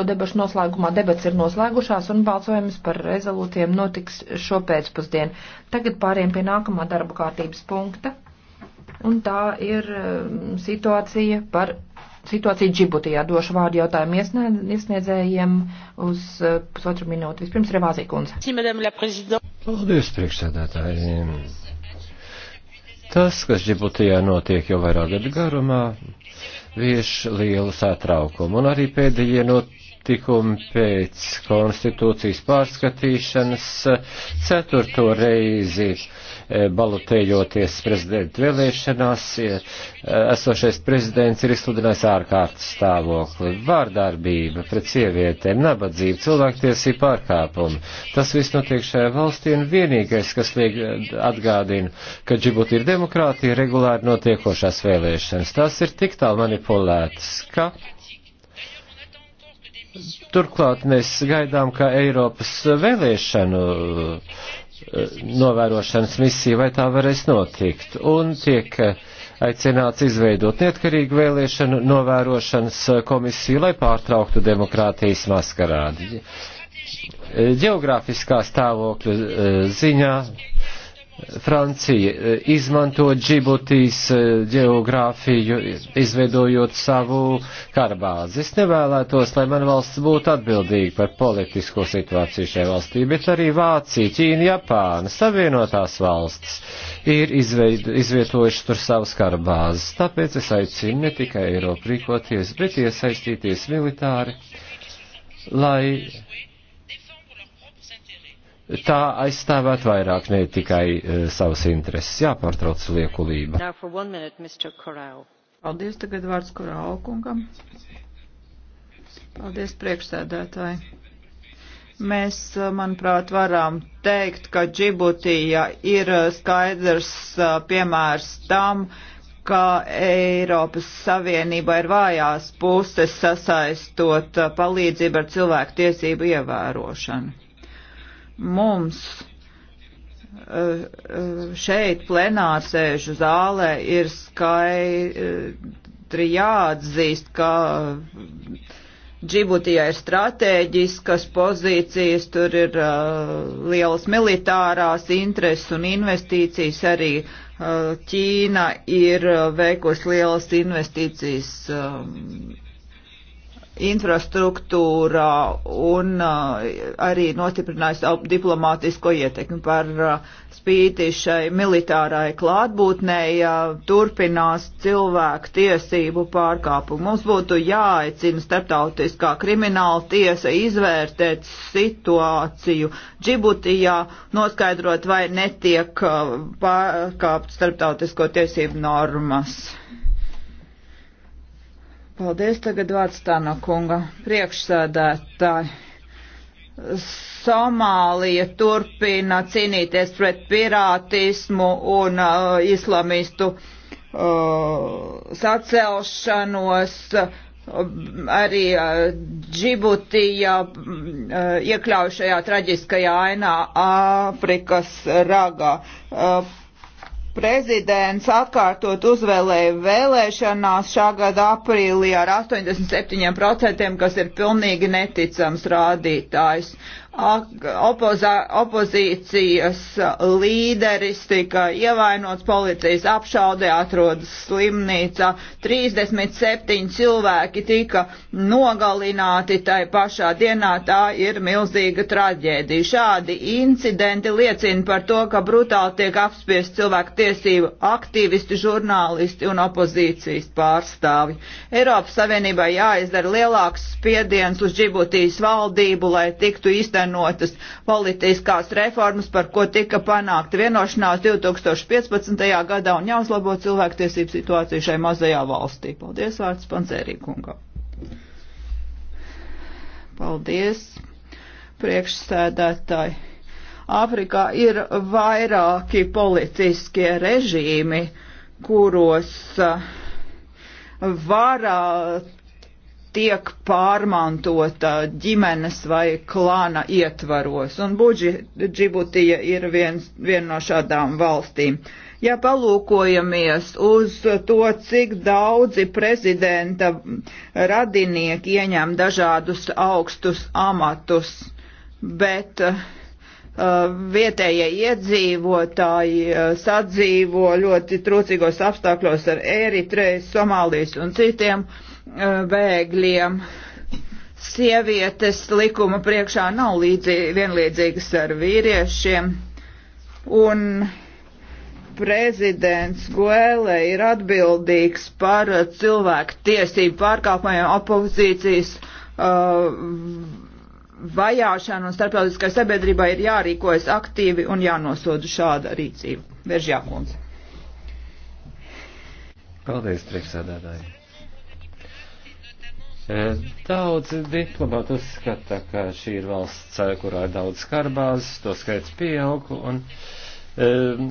šo debašu noslēgumā. Debats ir noslēgušās un balsojums par rezolūcijiem notiks šo pēcpusdienu. Tagad pāriem pie nākamā darba kārtības punkta. Un tā ir um, situācija par situāciju Džibutijā. Došu vārdu jautājumu iesniedzējiem uz uh, pusotru minūti. Vispirms Revāzī kundze. Paldies, priekšsēdētājiem. Tas, kas Džibutijā notiek jau vairāk gadu garumā, vieš lielu satraukumu, un arī pēdējie not, notikumi pēc konstitūcijas pārskatīšanas ceturto reizi e, balotējoties prezidenta vēlēšanās, e, esošais prezidents ir izsludinājis ārkārtas stāvokli, vārdarbība pret sievietēm, nabadzība, cilvēktiesība pārkāpumi. Tas viss notiek šajā valstī un vienīgais, kas liek e, atgādina, ka Džibuti ir demokrātija, regulāri notiekošās vēlēšanas. Tās ir tik tā manipulētas, ka Turklāt mēs gaidām, ka Eiropas vēlēšanu eh, novērošanas misija vai tā varēs notikt. Un tiek eh, aicināts izveidot neatkarīgu vēlēšanu novērošanas eh, komisiju, lai pārtrauktu demokrātijas maskarādi. Geogrāfiskā stāvokļa ziņā Francija eh, izmanto Džibutīs eh, geogrāfiju, izveidojot savu karbāzi. Es nevēlētos, lai man valsts būtu atbildīga par politisko situāciju šajā valstī, bet arī Vācija, Ķīna, Japāna, Savienotās valstis ir izveid, izvietojuši tur savas karbāzes. Tāpēc es aicinu ne tikai Eiropu rīkoties, bet iesaistīties militāri, lai tā aizstāvēt vairāk, ne tikai uh, savas intereses. Jāpārtrauc liekulība. Minute, Paldies, tagad vārds Korāla kungam. Paldies, priekšsēdētāji. Mēs, e, manuprāt, varam teikt, ka Džibutija ir e, skaidrs piemērs tam, ka Eiropas Savienība ir vājās puses sasaistot palīdzību ar cilvēku tiesību ievērošanu mums e, e, šeit plenārsēžu zālē ir skaidri e, jāatzīst, ka Džibutijā ir strateģiskas pozīcijas, tur ir uh, lielas militārās intereses un investīcijas, arī uh, Ķīna ir uh, veikusi lielas investīcijas. Uh, infrastruktūrā un uh, arī nostiprināja savu diplomātisko ietekmi par uh, spīti šai militārai klātbūtnei turpinās cilvēku tiesību pārkāpumu. Mums būtu jāaicina starptautiskā krimināla tiesa izvērtēt situāciju Džibutijā, noskaidrot, vai netiek uh, pārkāpt starptautisko tiesību normas. Paldies, tagad vārds Tāno kunga priekšsēdētāji. Somālija turpina cīnīties pret pirātismu un uh, islamistu uh, sacelšanos. Uh, arī uh, Džibutija uh, iekļaujušajā traģiskajā ainā Āfrikas ragā. Uh, prezidents atkārtot uzvēlēja vēlēšanās šā gada aprīlī ar 87%, kas ir pilnīgi neticams rādītājs opozā, opozīcijas līderis tika ievainots policijas apšaudē, atrodas slimnīcā. 37 cilvēki tika nogalināti tai pašā dienā. Tā ir milzīga traģēdija. Šādi incidenti liecina par to, ka brutāli tiek apspiesti cilvēku tiesību aktīvisti, žurnālisti un opozīcijas pārstāvi. Eiropas Savienībai jāizdara lielāks spiediens uz Džibutijas valdību, lai tiktu īstenībā īstenotas politiskās reformas, par ko tika panākta vienošanās 2015. gadā un jāuzlabo cilvēktiesību situāciju šai mazajā valstī. Paldies vārds Pancerīkungam. Paldies, priekšsēdētāji. Āfrikā ir vairāki politiskie režīmi, kuros eh, vara tiek pārmantota ģimenes vai klāna ietvaros, un Džibutija ir viens, viena no šādām valstīm. Ja palūkojamies uz to, cik daudzi prezidenta radinieki ieņem dažādus augstus amatus, bet uh, vietējie iedzīvotāji uh, sadzīvo ļoti trūcīgos apstākļos ar Eritreju, Somālijas un citiem uh, bēgļiem. Sievietes likuma priekšā nav līdzīgi, vienlīdzīgas ar vīriešiem, un prezidents Guēlē ir atbildīgs par cilvēku tiesību pārkāpumiem opozīcijas uh, vajāšanu, un starptautiskai sabiedrībai ir jārīkojas aktīvi un jānosoda šāda rīcība. Veržjākums. Paldies, priekšsēdētāji. Daudz diplomāti uzskata, ka šī ir valsts, eh, kurā ir daudz karbāzes, to skaits pieaug, un ehm,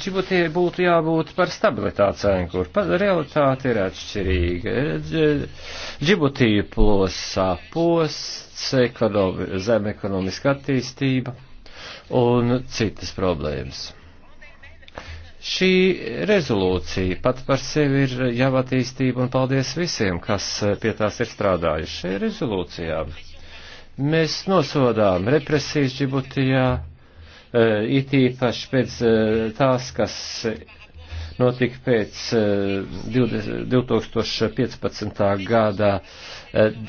Džibutijai būtu jābūt par stabilitātes ankuru. Realitāte ir atšķirīga. Džibutiju plosā posts, ekonomi, zem ekonomiska attīstība un citas problēmas. Šī rezolūcija pat par sevi ir jau attīstība un paldies visiem, kas eh, pie tās ir strādājuši šajā rezolūcijā. Mēs nosodām represijas Džibutijā, eh, it īpaši pēc eh, tās, kas notika pēc 2015. gada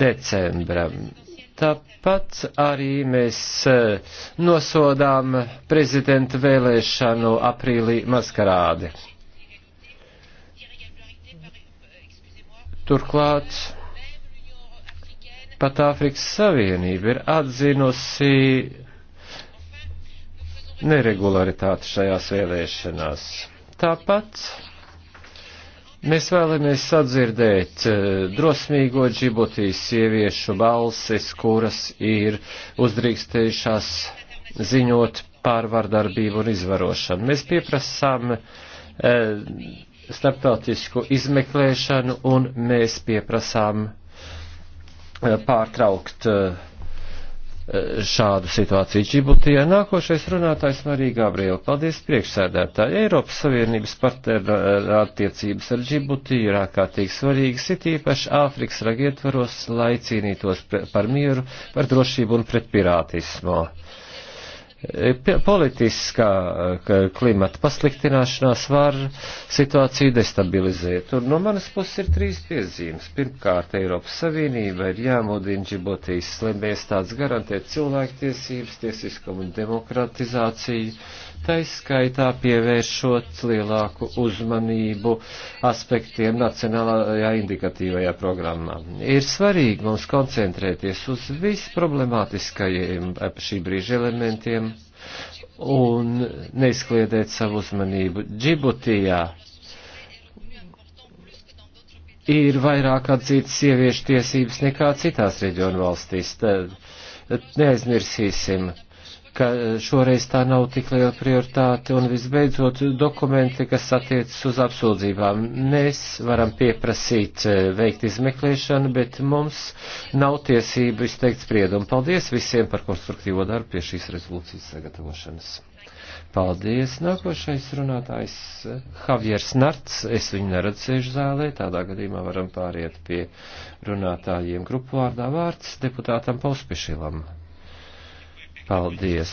decembra. Tāpat arī mēs eh, nosodām prezidenta vēlēšanu aprīlī maskarādi. Turklāt pat Āfrikas Savienība ir atzinusi neregularitāti šajās vēlēšanās. Tāpat Mēs vēlamies sadzirdēt eh, drosmīgo Džibutijas sieviešu balsis, kuras ir uzdrīkstējušās ziņot par vardarbību un izvarošanu. Mēs pieprasām eh, starptautisku izmeklēšanu un mēs pieprasām eh, pārtraukt uh, Eh, šādu situāciju Džibutijā. Nākošais runātājs Marija Gabriela. Paldies priekšsēdētāji. Eiropas Savienības partneru eh, attiecības ar Džibutiju ir ārkārtīgi svarīgas, it īpaši Āfrikas ragietvaros, lai cīnītos par mieru, par drošību un pret pirātismu politiskā klimata pasliktināšanās var situāciju destabilizēt. Un no manas puses ir trīs piezīmes. Pirmkārt, Eiropas Savienība ir jāmudina Džibotijas slimbiestāds garantēt cilvēktiesības, tiesiskumu un demokratizāciju, taiskaitā pievēršot lielāku uzmanību aspektiem nacionālajā indikatīvajā programmā. Ir svarīgi mums koncentrēties uz visproblemātiskajiem šī brīža elementiem un neizkliedēt savu uzmanību Džibutijā. Ir vairāk atzītas sieviešu tiesības nekā citās reģionu valstīs. Tad neaizmirsīsim uh, ka eh, šoreiz tā nav tik liela prioritāte, un visbeidzot dokumenti, kas attiecas uz apsūdzībām. Mēs varam pieprasīt eh, veikt izmeklēšanu, bet mums nav tiesību izteikt spriedumu. Paldies visiem par konstruktīvo darbu pie šīs rezolūcijas sagatavošanas. Paldies. Nākošais runātājs eh, Javiers Narts. Es viņu neredzēšu zālē, tādā gadījumā varam pāriet pie runātājiem grupu vārdā vārds deputātam Pauspišilam. Paldies.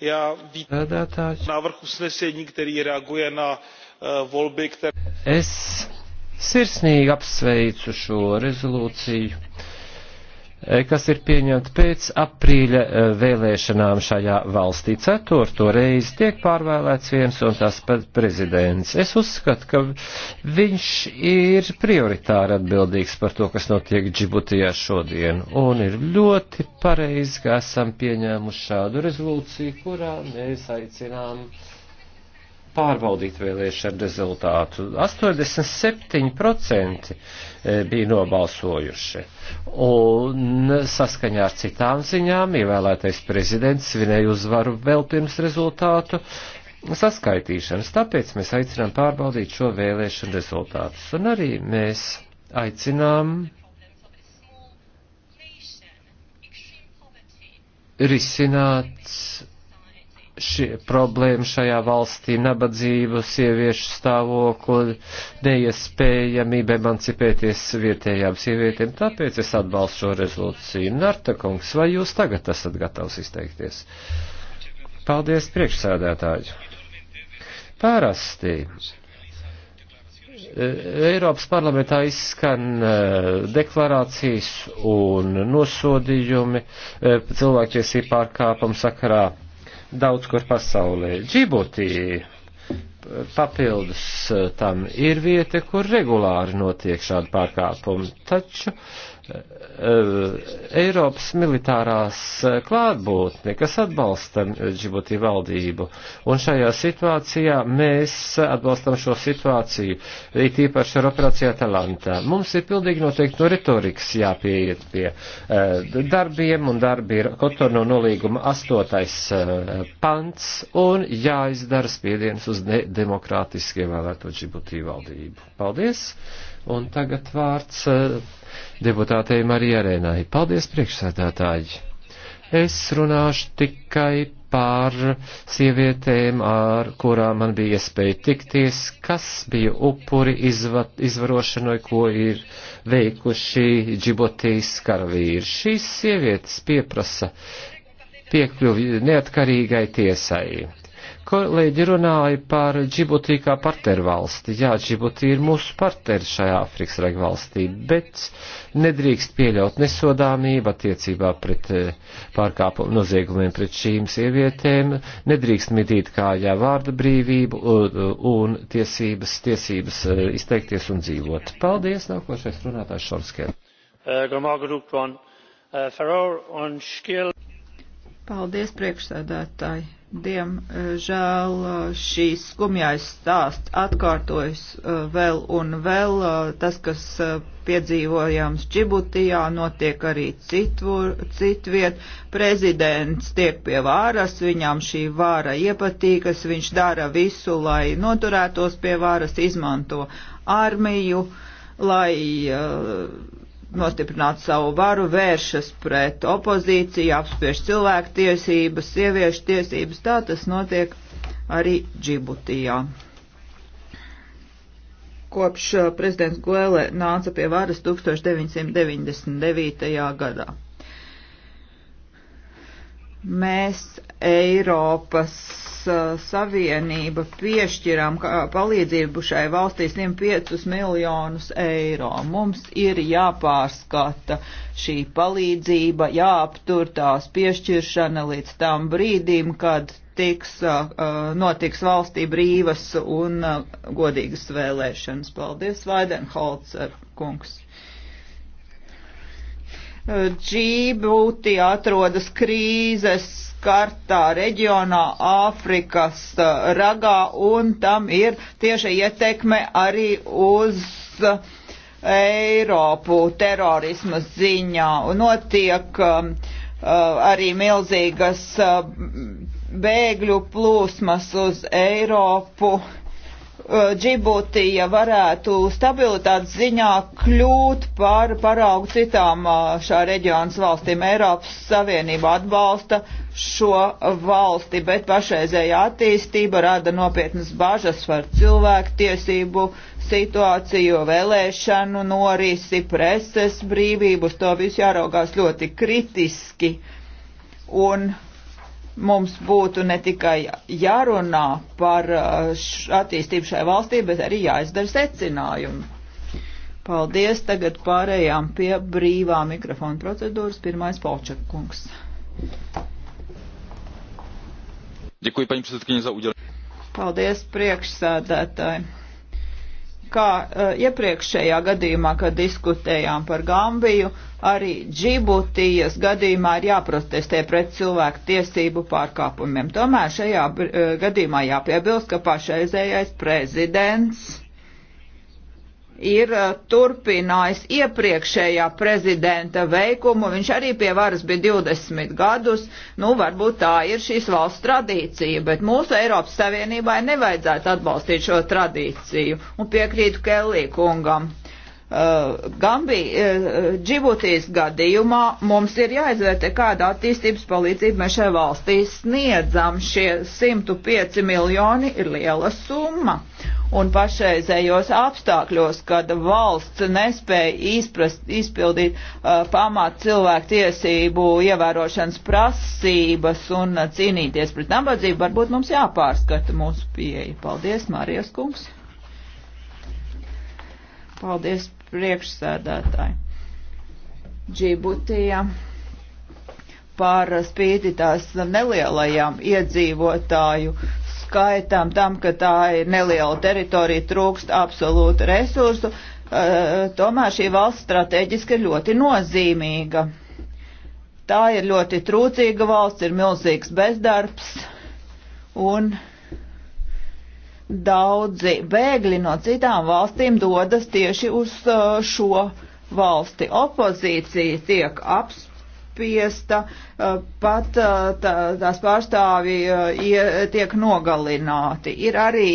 Já vítám návrh usnesení, který reaguje na uh, volby, které. Es sirsnīgi apsveicu šo rezolūciju Eh, kas ir pieņemta pēc aprīļa eh, vēlēšanām šajā valstī. Ceturto reizi tiek pārvēlēts viens un tas pat prezidents. Es uzskatu, ka viņš ir prioritāri atbildīgs par to, kas notiek Džibutijā šodien. Un ir ļoti pareizi, ka esam pieņēmuši šādu rezolūciju, kurā mēs aicinām uh, pārvaldīt vēlēšanu rezultātu. 87% e, bija nobalsojuši. Un saskaņā ar citām ziņām ievēlētais prezidents svinēja uzvaru vēl pirms rezultātu saskaitīšanas. Tāpēc mēs aicinām pārbaudīt šo vēlēšanu rezultātus. Un arī mēs aicinām risināt šie problēma šajā valstī, nabadzību, sieviešu stāvokli, neiespējamība emancipēties vietējām sievietēm. Tāpēc es atbalstu šo rezolūciju. Narta kungs, vai jūs tagad esat gatavs izteikties? Paldies, priekšsēdētāji. Pārasti. E, Eiropas parlamentā izskan e, deklarācijas un nosodījumi e, cilvēktiesību pārkāpumu sakarā daudz kur pasaulē. Džibutī papildus eh, tam ir vieta, kur regulāri notiek šādi pārkāpumi, taču Eh, Eiropas militārās eh, klātbūtne, kas atbalsta Džibutī valdību. Un šajā situācijā mēs atbalstam šo situāciju, it īpaši ar operācijā Talantā. Mums ir pilnīgi noteikti no retorikas jāpieiet pie eh, darbiem, un darbi ir Kotorno nolīguma astotais pants, un jāizdara spiediens uz nedemokrātiski ievēlēto Džibutī valdību. Paldies! Un tagad vārds deputātei Marija Arēnai. Paldies, priekšsēdētāji! Es runāšu tikai par sievietēm, ar kurām man bija iespēja tikties, kas bija upuri izva, izvarošanai, ko ir veikuši Džibotīs karavīri. Šīs sievietes pieprasa piekļuvi neatkarīgai tiesai. Kolēģi runāja par Džibutī kā partnervalsti. Jā, Džibutī ir mūsu partneri šajā Afrikas regvalstī, bet nedrīkst pieļaut nesodāmību attiecībā pret eh, pārkāpumu noziegumiem pret šīm sievietēm, nedrīkst mitīt kājā vārda brīvību un, un tiesības, tiesības eh, izteikties un dzīvot. Paldies, nākošais runātājs Šorskē. Eh, Paldies, priekšsēdētāji Diemžēl šīs skumjais stāsts atkārtojas vēl un vēl. Tas, kas piedzīvojams Čibutijā, notiek arī citvur, citviet. Prezidents tiek pie vāras, viņam šī vāra iepatīkas, viņš dara visu, lai noturētos pie vāras, izmanto armiju, lai uh, nostiprināt savu varu, vēršas pret opozīciju, apspiež cilvēku tiesības, sieviešu tiesības. Tā tas notiek arī Džibutijā. Kopš eh, prezidents Guele nāca pie varas 1999. gadā mēs Eiropas uh, Savienība piešķiram uh, palīdzību šai valstī 105 miljonus eiro. Mums ir jāpārskata šī palīdzība, jāaptur tās piešķiršana līdz tam brīdim, kad tiks, uh, notiks valstī brīvas un godīgas vēlēšanas. Paldies, Vaidenholzer kungs! Džībūti atrodas krīzes kartā reģionā Āfrikas ragā un tam ir tieša ietekme arī uz Eiropu terorisma ziņā. Un notiek um, arī milzīgas um, bēgļu plūsmas uz Eiropu. Uh, Uh, Džibutija varētu stabilitātes ziņā kļūt par paraugu citām uh, šā reģionas valstīm. Eiropas Savienība atbalsta šo valsti, bet pašreizējā attīstība rada nopietnas bažas par cilvēku tiesību situāciju, vēlēšanu norisi, preses brīvību. Uz to visu jāraugās ļoti kritiski. Un mums būtu ne tikai jārunā par uh, attīstību šai valstī, bet arī jāizdara secinājumi. Paldies, tagad pārējām pie brīvā mikrofona procedūras. Pirmais Polčakungs. Děkuji, paní předsedkyně, za udělení. Paldies, priekšsēdētāji kā uh, iepriekšējā gadījumā, kad diskutējām par Gambiju, arī Džibutijas gadījumā ir jāprotestē pret cilvēku tiesību pārkāpumiem. Tomēr šajā uh, gadījumā jāpiebilst, ka pašreizējais prezidents ir eh, turpinājis iepriekšējā prezidenta veikumu. Viņš arī pie varas bija 20 gadus. Nu, varbūt tā ir šīs valsts tradīcija, bet mūsu Eiropas Savienībai nevajadzētu atbalstīt šo tradīciju. Un piekrītu Kellī kungam. Uh, Gambī, uh, Džibutīs gadījumā mums ir jāizvērtē, kāda attīstības palīdzība mēs šai valstī sniedzam. Šie 105 miljoni ir liela summa. Un pašreizējos apstākļos, kad valsts nespēja izprast, izpildīt uh, pamāt cilvēku tiesību ievērošanas prasības un uh, cīnīties pret nabadzību, varbūt mums jāpārskata mūsu pieeja. Paldies, Mārijas kungs! Paldies priekšsēdētāji. Džibutija par spīti tās nelielajām iedzīvotāju skaitām, tam, ka tā ir neliela teritorija, trūkst absolūti resursu, eh, tomēr šī valsts strateģiski ir ļoti nozīmīga. Tā ir ļoti trūcīga valsts, ir milzīgs bezdarbs un daudzi bēgļi no citām valstīm dodas tieši uz uh, šo valsti. Opozīcija tiek apspiesta, uh, pat uh, tās pārstāvji tiek nogalināti. Ir arī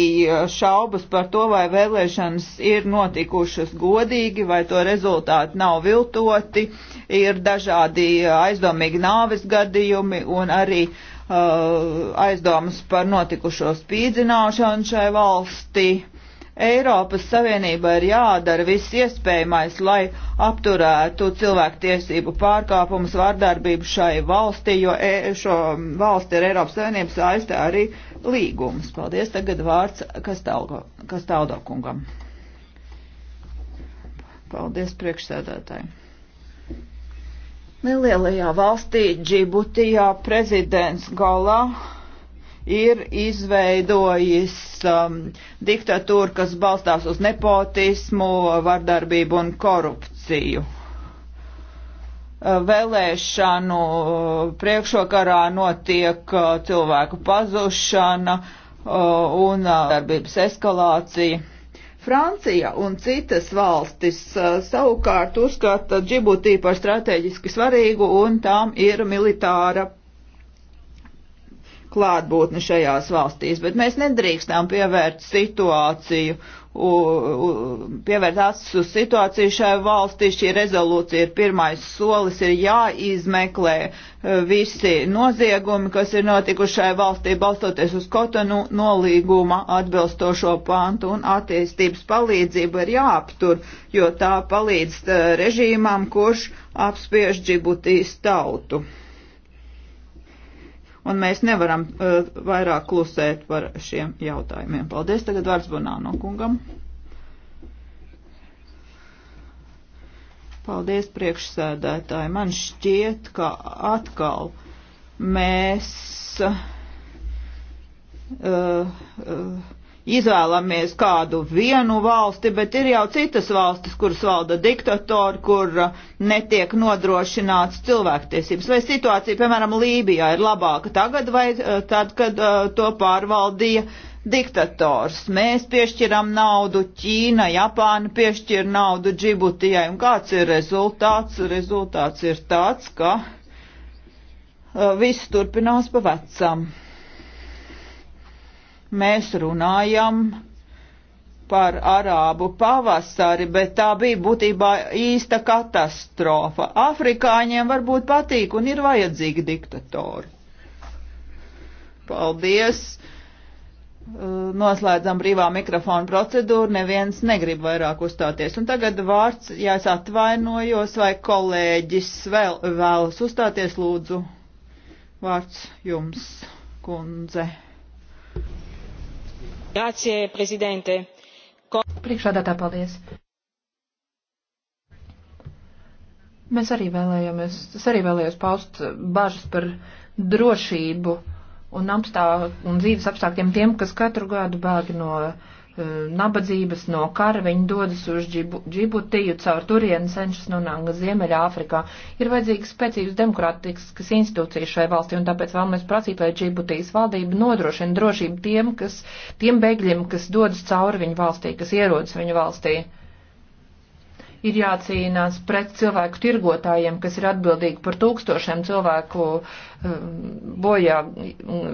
šaubas par to, vai vēlēšanas ir notikušas godīgi, vai to rezultāti nav viltoti. Ir dažādi aizdomīgi nāves gadījumi un arī uh, Uh, aizdomas par notikušo spīdzināšanu šai valstī. Eiropas Savienība ir jādara viss iespējamais, lai apturētu cilvēktiesību pārkāpumus, vārdarbību šai valstī, jo e šo valsti ir Eiropas Savienības aizstā arī līgums. Paldies, tagad vārds Kastaldo kungam. Paldies priekšsēdētāji. Nelielajā valstī Džibutijā prezidents Galā ir izveidojis um, diktatūru, kas balstās uz nepotismu, vardarbību un korupciju. Uh, vēlēšanu uh, priekšvakarā notiek uh, cilvēku pazušana un darbības eskalācija. Francija un citas valstis uh, savukārt uzskata Džibutī par strateģiski svarīgu un tām ir militāra klātbūtni šajās valstīs, bet mēs nedrīkstām pievērt situāciju, u, u, pievērt acis uz situāciju šai valstī. Šī rezolūcija ir pirmais solis, ir jāizmeklē e, visi noziegumi, kas ir notikuši šai valstī, balstoties uz Kotonu nolīguma atbilstošo pantu un attīstības palīdzību ir jāaptur, jo tā palīdz e, režīmām, kurš apspiež Džibutīs tautu un mēs nevaram uh, vairāk klusēt par šiem jautājumiem. Paldies, tagad vārds Bonāno kungam. Paldies, priekšsēdētāji. Man šķiet, ka atkal mēs. Uh, uh, izvēlamies kādu vienu valsti, bet ir jau citas valstis, kuras valda diktatori, kur uh, netiek nodrošināts cilvēktiesības. Vai situācija, piemēram, Lībijā ir labāka tagad vai uh, tad, kad uh, to pārvaldīja diktators? Mēs piešķiram naudu Ķīna, Japāna piešķir naudu Džibutijai. Un kāds ir rezultāts? Rezultāts ir tāds, ka viss turpinās pa vecam mēs runājam par arābu pavasari, bet tā bija būtībā īsta katastrofa. Afrikāņiem varbūt patīk un ir vajadzīgi diktatori. Paldies! Uh, noslēdzam brīvā mikrofona procedūru, neviens negrib vairāk uzstāties. Un tagad vārds, ja es atvainojos, vai kolēģis vēl, vēlas uzstāties, lūdzu, vārds jums, kundze. Grācie, prezidente. Ko... Priekšādātā paldies. Mēs arī vēlējāmies, es arī vēlējos paust bažas par drošību un, apstā, un dzīves apstākļiem tiem, kas katru gadu bēg no Eh, nabadzības, no kara, viņi dodas uz Džibutiju, caur turienu cenšas nonākt Ziemeļāfrikā. Ir vajadzīgas spēcīgas demokrātiskas institūcijas šai valstī, un tāpēc vēlamies prasīt, lai Džibutijas valdība nodrošina drošību tiem, kas, tiem bēgļiem, kas dodas cauri viņu valstī, kas ierodas viņu valstī. Ir jācīnās pret cilvēku tirgotājiem, kas ir atbildīgi par tūkstošiem cilvēku eh, bojā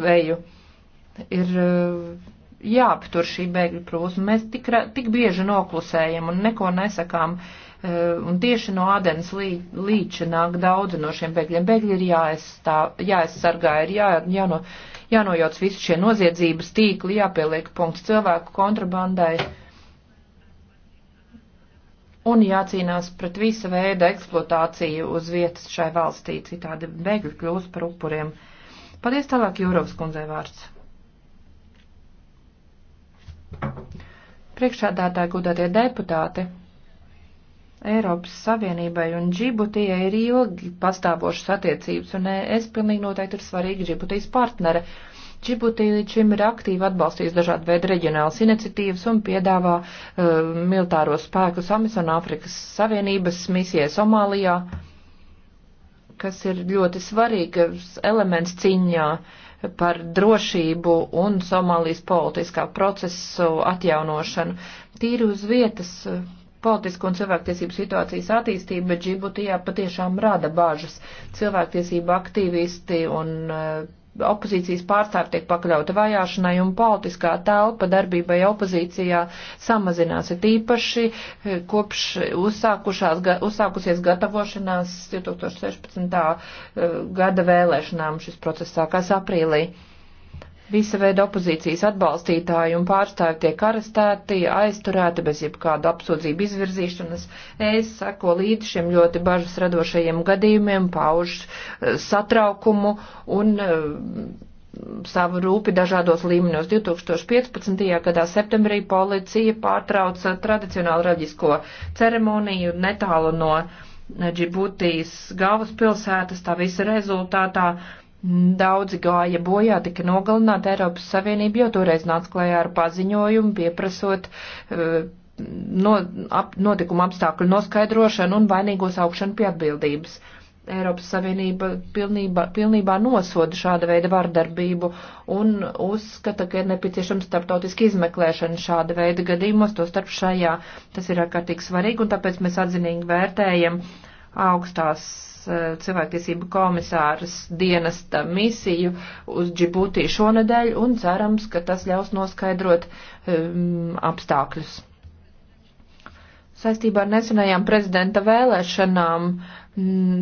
veju. Mm, ir eh, jāaptur šī bēgļu plūsma. Mēs tik, tik bieži noklusējam un neko nesakām. E, un tieši no Ādens lī, līča nāk daudzi no šiem bēgļiem. Bēgļi ir jāaizstāv, jāaizsargā, ir jā, jāno, jānojauc visi šie noziedzības tīkli, jāpieliek punkts cilvēku kontrabandai un jācīnās pret visa veida eksploatāciju uz vietas šai valstī, citādi bēgļi kļūst par upuriem. Paldies tālāk Jūrovs kundzei vārds. Priekšādātāji gudātie deputāti. Eiropas Savienībai un Džibutijai ir ilgi pastāvošas attiecības, un e, es pilnīgi noteikti ir svarīgi Džibutijas partnere. Džibutija līdz šim ir aktīvi atbalstījis dažādu veidu reģionālas iniciatīvas un piedāvā uh, militāro spēku Samis un Āfrikas Savienības misijai Somālijā, kas ir ļoti svarīgs elements ciņā uh, par drošību un Somālijas politiskā procesu atjaunošanu. Tīri uz vietas eh, politisko un cilvēktiesību situācijas attīstība Džibutijā patiešām rada bāžas. Cilvēktiesība aktīvisti un eh, opozīcijas pārstāvi tiek pakļauta vajāšanai un politiskā telpa darbībai opozīcijā samazinās. Ir īpaši eh, kopš uzsākusies gatavošanās 2016. Eh, gada vēlēšanām šis process sākās aprīlī. Visa veida opozīcijas atbalstītāji un pārstāvi tiek arestēti, aizturēti bez jebkāda apsūdzību izvirzīšanas. Es sako līdz šiem ļoti bažas radošajiem gadījumiem, pauž eh, satraukumu un eh, savu rūpi dažādos līmeņos. 2015. gadā septembrī policija pārtrauca tradicionālu raģisko ceremoniju netālu no Džibutijas galvaspilsētas, tā visa rezultātā Daudzi gāja bojā, tika nogalināti Eiropas Savienība, jo toreiz nāca klajā ar paziņojumu, pieprasot uh, no, ap, notikuma apstākļu noskaidrošanu un vainīgos augšanu pie atbildības. Eiropas Savienība pilnībā, pilnībā nosoda šāda veida vardarbību un uzskata, ka ir nepieciešama starptautiska izmeklēšana šāda veida gadījumos, to starp šajā. Tas ir ārkārtīgi svarīgi un tāpēc mēs atzinīgi vērtējam augstās Eh, cilvēktiesību komisāras dienesta misiju uz Džibūtī šonadēļ un cerams, ka tas ļaus noskaidrot um, apstākļus. Saistībā ar nesenajām prezidenta vēlēšanām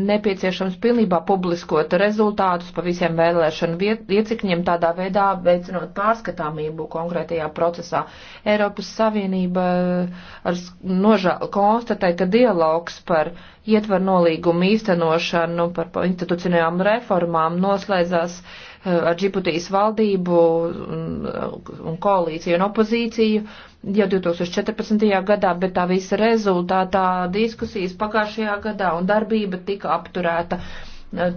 nepieciešams pilnībā publiskot rezultātus pa visiem vēlēšanu iecikņiem, tādā veidā veicinot pārskatāmību konkrētajā procesā. Eiropas Savienība eh, ar nožēlu konstatē, ka dialogs par ietver nolīgumu īstenošanu, par institucionālām reformām noslēdzās uh, ar Džibutijas valdību un koalīciju un opozīciju jau 2014. gadā, bet tā visa rezultātā diskusijas pagājušajā gadā un darbība tika apturēta. Uh,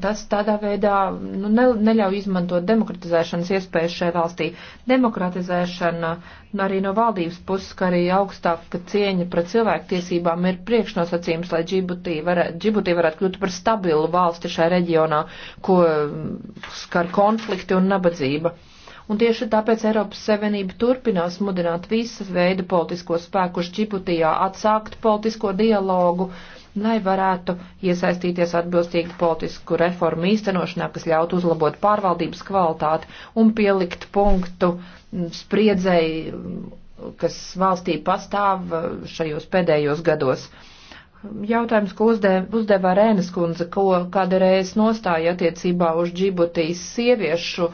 tas tādā veidā nu, ne, neļauj izmantot demokratizēšanas iespējas šajā valstī. Demokratizēšana nu, arī no valdības puses, ka arī augstāka cieņa pret cilvēktiesībām ir priekšnosacījums, lai Džibutī, varē, Džibutī varētu kļūt par stabilu valsti šajā reģionā, ko skar konflikti un nabadzība. Un tieši tāpēc Eiropas Savienība turpinās mudināt visas veida politisko spēku Džibutijā atsākt politisko dialogu, uh, lai varētu iesaistīties atbilstīgi politisku reformu īstenošanā, kas ļautu uzlabot pārvaldības kvalitāti un pielikt punktu spriedzei, kas valstī pastāv eh, šajos pēdējos gados. Jautājums, ko uzdev, uzdevā Rēnas kundze, ko kāda reiz nostāja attiecībā uz Džibutīs sieviešu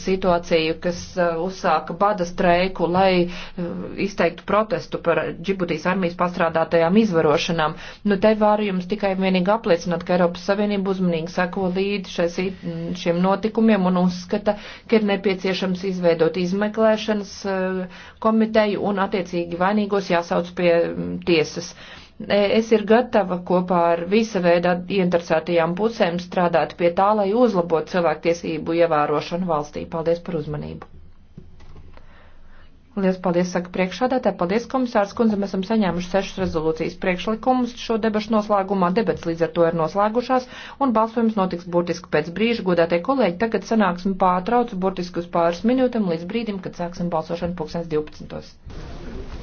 situāciju, kas uzsāka bada streiku, lai izteiktu protestu par Džibutīs armijas pastrādātajām izvarošanām. Nu, te var jums tikai vienīgi apliecināt, ka Eiropas Savienība uzmanīgi sako līdzi šais, šiem notikumiem un uzskata, ka ir nepieciešams izveidot izmeklēšanas komiteju un attiecīgi vainīgos jāsauc pie tiesas. Uh, E, es ir gatava kopā ar visa veida interesētajām pusēm strādāt pie tā, lai uzlabotu cilvēktiesību ievērošanu valstī. Paldies par uzmanību! Lielas paldies, saka priekšādātāji. Paldies, komisārs kundze. Mēs esam saņēmuši sešas rezolūcijas priekšlikumus šo debašu noslēgumā. Debats līdz ar to ir noslēgušās un balsojums notiks burtiski pēc brīža. Godātie kolēģi, tagad sanāksim pārtraucu burtiski uz pāris minūtēm līdz brīdim, kad sāksim balsošanu 2012.